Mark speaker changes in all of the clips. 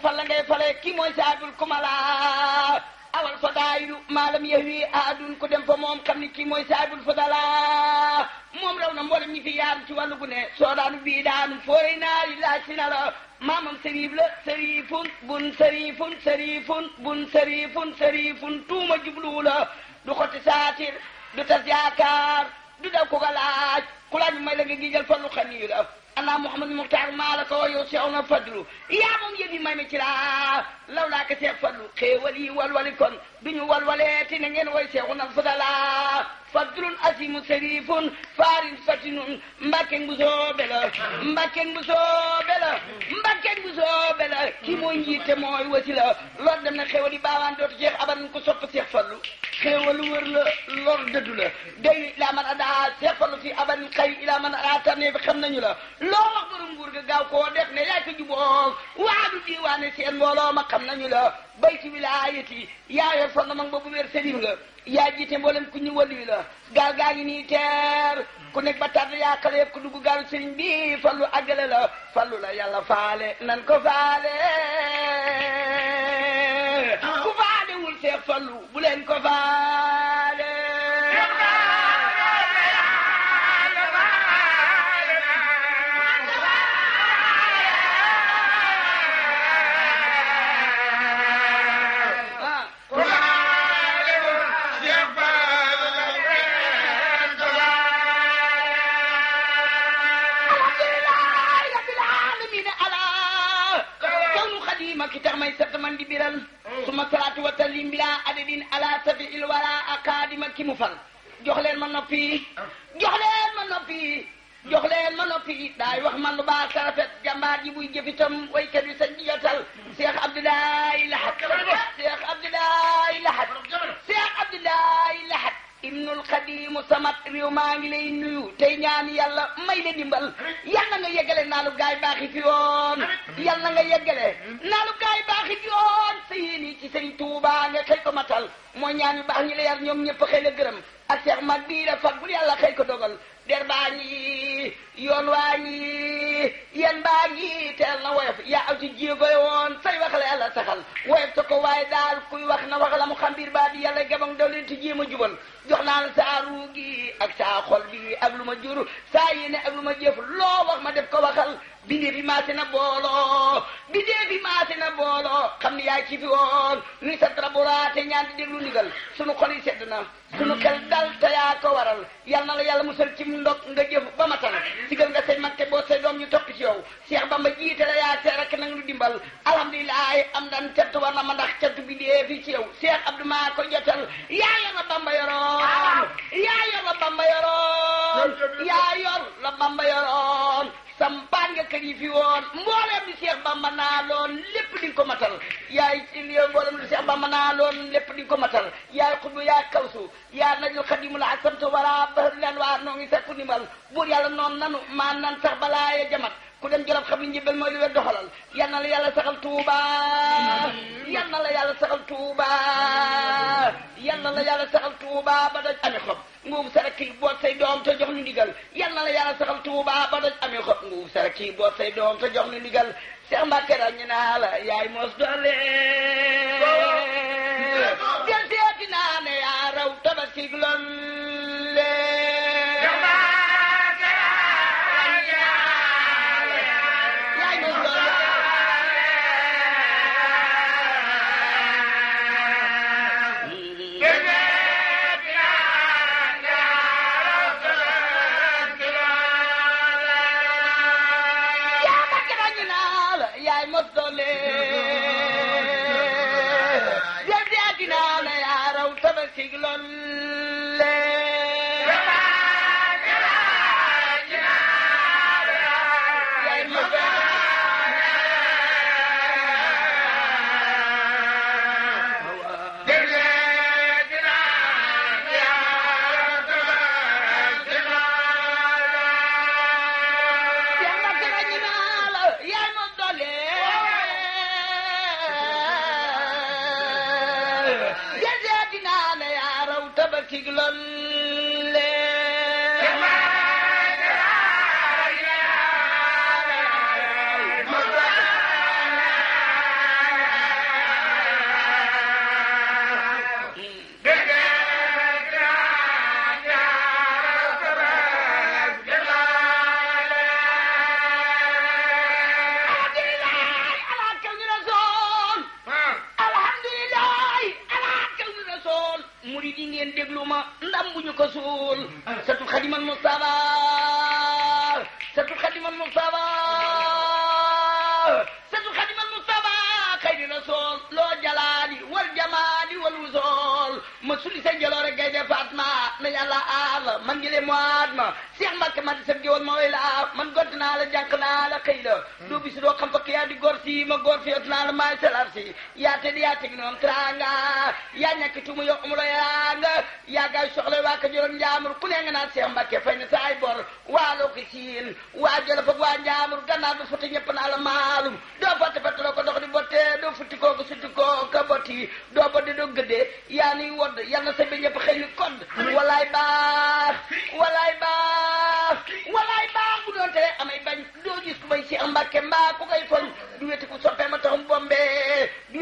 Speaker 1: mu fal la
Speaker 2: ngay falee kii mooy saadul kumala awal fadaayu maalam aadun ku dem fa moom xam ni kii mooy saadul fadala moom raw na mboolem ñi fi yaaru ci wàllu gune soo daanu bii daanu fooy naa yi laaj si na la maamam sëriif la sëriifun bun sëriifun sëriifun bun sëriifun sëriifun tuuma jubluwu la du xoti saatir du tas yaakaar du daw ko ko ku laaj may la nga giijal fa lu xaniyu allah muhammad muxtaar maalaka wa yow seexuna fadlu yaa moom yëbi may mi ci laa law laa ka seex fadlu xéewal yi walwali kon duñu walwaleeti na ngeen way seexuna fadala fadlun asimu serifun faarin fatinun mbàkkeen bu soobe la mbàkkeen bu soobe la mbàkkeen bu soobe la ki mooy njiite mooy wasi la loolu dem na xéewal yi baawaan dootu jeex aban ko sopp seex fadlu xéewal wër la lor dëddu la day ilaa man adaa seppalu fi aban xay ilaa man adaa tarne bi xam nañu la loo wax borom nguur ga gaaw koo def ne yaay ko juboo waadu diiwaane seen mbooloo ma xam nañu la bay ci wilaayati yaa yor sonn mag ba bu wér sëriñ nga yaa jiite mboolem ku ñu wëllu la gaal gaa nii teer ku nekk ba tàdd yaa xale ku dugg gaalu sëriñ bi fallu àggale la fallu la yàlla faale nan ko faale see fallu bu leen ko faa adadin ala safiil wala akaadima ki mu jox leen ma noppi jox leen ma noppi jox leen ma noppi daay wax man lu baax sa rafet jàmbaar ji buy jëfitam waykat yi sañ jotal Cheikh Abdoulaye Lahat Cheikh Abdoulaye Lahat Cheikh Abdoulaye Lahat ibnul xadimu samat réew maa ngi lay nuyu tey ñaan yàlla may la dimbal yal na nga yeggale baaxi fi woon yal na nga yeggale naa lu baaxi fi woon lii lii ci sëñ Tuuba nga xëy ko matal mooy ñaan yu baax ñi la yar ñoom ñëpp xëy la gërëm ak Seex Mat bii la faggul yàlla xëy ko dogal der baa ngi yoon waa ngi yéen teel na woyof yaa aw ci jéego woon say wax la yàlla saxal woyof te ko waaye daal kuy wax na wax la mu xam biir baa di leen ti jéem a jubal jox naa saa ruu ak saa xol bi ak lu ma jur saa yéene ak lu ma jëf loo wax ma def ko waxal bindee bi maase na booloo bindee bi maase na booloo xam ni yaay ci fi woon nuy sa traboraate ñaan di déglu ndigal sunu xol yi sedd na sunu xel dal te yaa ko waral yal na la yàlla musal ci ndog nga jëf ba matal si gën nga say mag te boo say doom ñu topp ci yow Cheikh Bamba jiite la yaa see rek nang lu dimbal alhamdulilah am dan cant war na ma ndax cant bindee fi ci yow Cheikh Abdou ko jotal yaa yor la Bamba yoroon yaa yor la Bamba yor la fi woon mbooleem li Cheikh Bamba naa loon lépp di nga ko matal yaay mbooleem li Cheikh Bamba naa loon lépp di nga ko matal yaay xuddu yaa kawsu yaa najul xadimul asant wala bahru leen waar noo ngi sakku ndimbal buur yàlla noonu nanu maa nan sax balaa ya jamat ku dem jolof xam ni njëbbal mooy li wér doxalal yal na tuuba yal la yàlla saxal tuuba tuuba ba daj ami xob nguub sa rek boot say doom te nu ndigal yal a la a saxal tuuba ba doj amee xob nguub sara kii boot say doom te jox nu ndigal Seex Mbàkke ràññi naa la yaay mos doole jël
Speaker 1: teeti naa ne yaa raw
Speaker 2: département mi yàlla aar la man ngi le mois ma Seex Mbàkke ma di sa géwal ma way la man gont naa la jànq naa la xëy la hmm. doo bis doo xam fakk yaa di góor si ma góor si yot naa la maay salar si yaa tëdd yaa teg noonu tranga yaa ñàkk tumu yo amula yanga yaa gaay soxla waa ka juróom njaamur ku ne nga Seex Mbàkke fay na saay bor waa loo siin waa Jolof ak waa njaamur di botte doo futti kooku sutti koo ka botti doo botte doo gëddee yaa niy wodd yal na sa bi ñëpp xëy ni kodd hmm. walaay baar baas walaay baax bu doon tere amay bañ doo gis ku bay si am mbàkke mbaa ku koy foñ du weti ku soppeem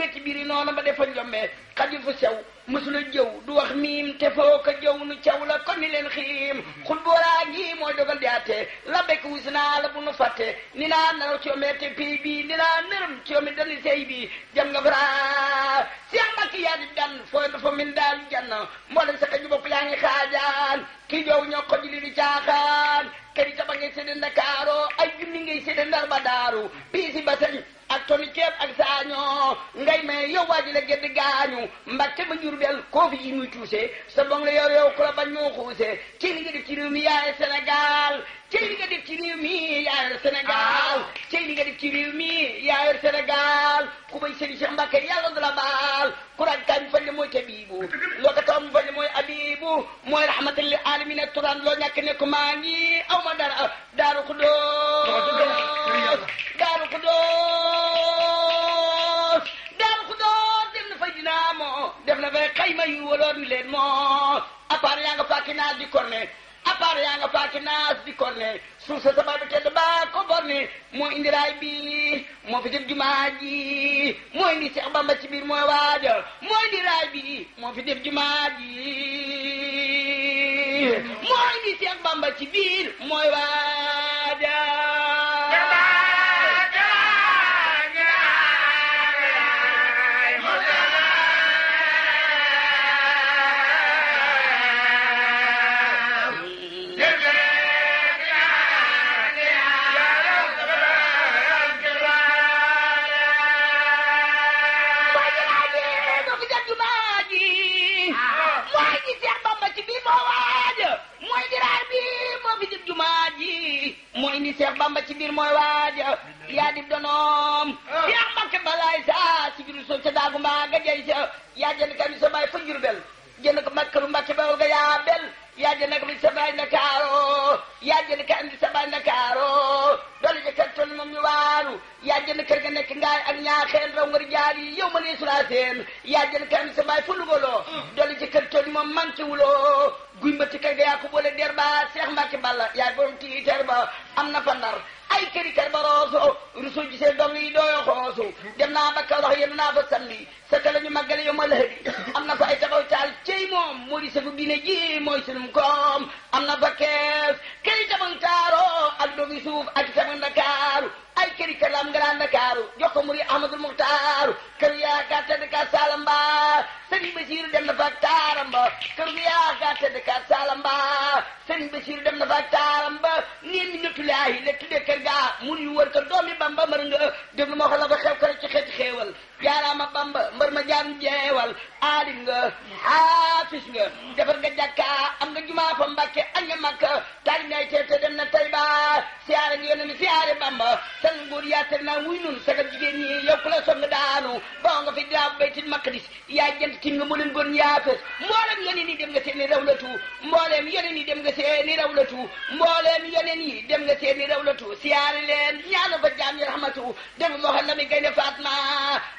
Speaker 2: ne ci biir noonu ba defa njombee xaju fu sew mësula jëw du wax miim te foo ko jëw nu caw la kon ni leen xiim xul booraa ngi moo dogal diyaatee la bekk wis naa la bu nu fàtte ni naa naraw ci yomee te pii bii ni naa nërëm ci yomee dani sey bii jam nga si am ak yaa di dan min daal jann moo leen ka ju bopp yaa ngi xaajaan ki jow ñoo ko juli di caaxaan kër yi tabax ngay séddee ndakaaro ay junni ngay séddee ndar ba daaru bii si basañ ak toni ceeb ak saañoo ngay may yow waa ji la gëdd gaañu mbàkke ba jurbel koo fi ji muy tuuse sa bong la yor yow ku la bañ moo xuuse ci li nga def ci réew mi yaay Sénégal ci li nga def ci réew mi yaay Sénégal ci li nga def ci réew mi yaay Sénégal ku bay sëriñ Cheikh Mbàkke yàlla du la baal ku rajkañ fa ne mooy tabiibu loo ko toom fa ne mooy abibu mooy rahmatal lil alamina turan loo ñàkk nekk maa ngi aw ma dara daaru
Speaker 1: xudóos
Speaker 2: def na fay xayma yu waloon leen moo appareil yaa nga fàkki naas di korne appareil yaa nga fàkki naas di korne suuf sa sabab bi borne moo indi raay bi moo fi def jumaa moo indi Seex Bamba ci biir mooy waaja moo indi raay bi moo fi def jumaa ji Bamba ci biir mooy waaja yaa dib donoom ah. yaa Mbàkke balaay ci biir suuf ca daagu mbaa nga jëy ca yaa jënd kami sa baay fa Jurbel jënd ga yaa bel yaa jënd mi sa baay Ndakaaro yaa jënd ka andi sa kër toll moom ñu waaru yaa jënd kër ga nekk ngaay ak ñaaxeen raw nga jaar yi yow ma nee sulaaseen yaa jënd karam sa mbaay fu lugaloo mm. dolli ci kër toll moom manqué wuloo guy mbëtt kër ga yaa ko boole der ba Seex Mbàkke Balla yaay borom tii ter ba am na fa ndar ay këri kër ba rooso rusu gisee dong yi dooyo xoosu dem naa ba kaw wax yéen naa fa sanni sa ka la ñu màggale yow ma lahadi am na fa ay taxaw taal cey moom moo di sagu diine ji mooy sunum koom ahmadul muxtaaru kër yaa ka tedd ka salamba sëriñ basiiru dem na fa ak taaram ba kër yaa ka tedd ka salamba sëriñ basiiru dem na fa ak taaram ba nii mi natulaahi la tudde kër gaa mun yu wër ko doomi bamba mër nga déglu ma a la a xew kër ci xeeti xéewal jaaraama bamba mbër ma jaam jeewal aalim nga xaafis nga defar nga jàkka am nga jumaa fa mbàkke añ na makka taari nay tee te dem na Tayba siyaare ngi yonent siyaare Bamba sang buur yaatar naa wuy nun saga jigéen ñi yow ku la daanu boo nga fi daabu baytil maqdis yaa jant tim nga mu leen gon yaafes mboolem yoneen yi dem nga seeni rawlatu mboolem yoneen yi dem nga seeni rawlatu mboolem yoneen yi dem nga seeni rawlatu siyaare leen ñaano fa jaam yi rahmatu dem moo xam na mi gaynde Fatma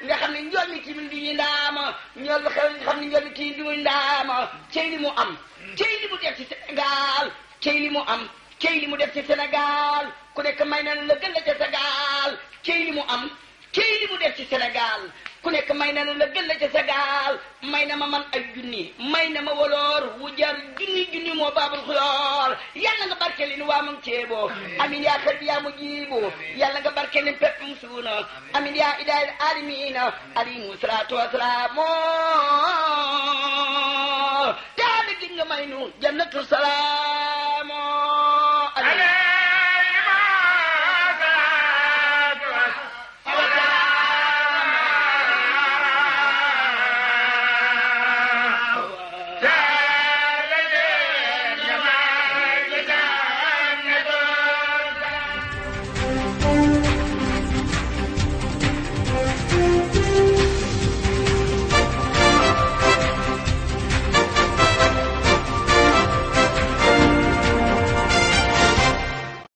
Speaker 2: nga xam ne njool mi timin duñu ndaama ñool xam ne njool mi timin ndaama cey li mu am cey li mu def ci Sénégal li mu am cey li mu def ci Sénégal ku nekk may na la gën la ca Sénégal mu am cey li mu ci senegal ku nekk may na la gën la ca Sénégal may na ma man ay junni may na ma woloor wu jar junni junni moo baabul xuloor yàlla nga barkeelin waa mu ceebo amin yaa xel yaa mu jiibu yàlla nga barkeelin pepp mu suuna amin yaa ilaahil aalamiina alayhi salaatu wasalaamu nga
Speaker 1: may nu jannatul salaam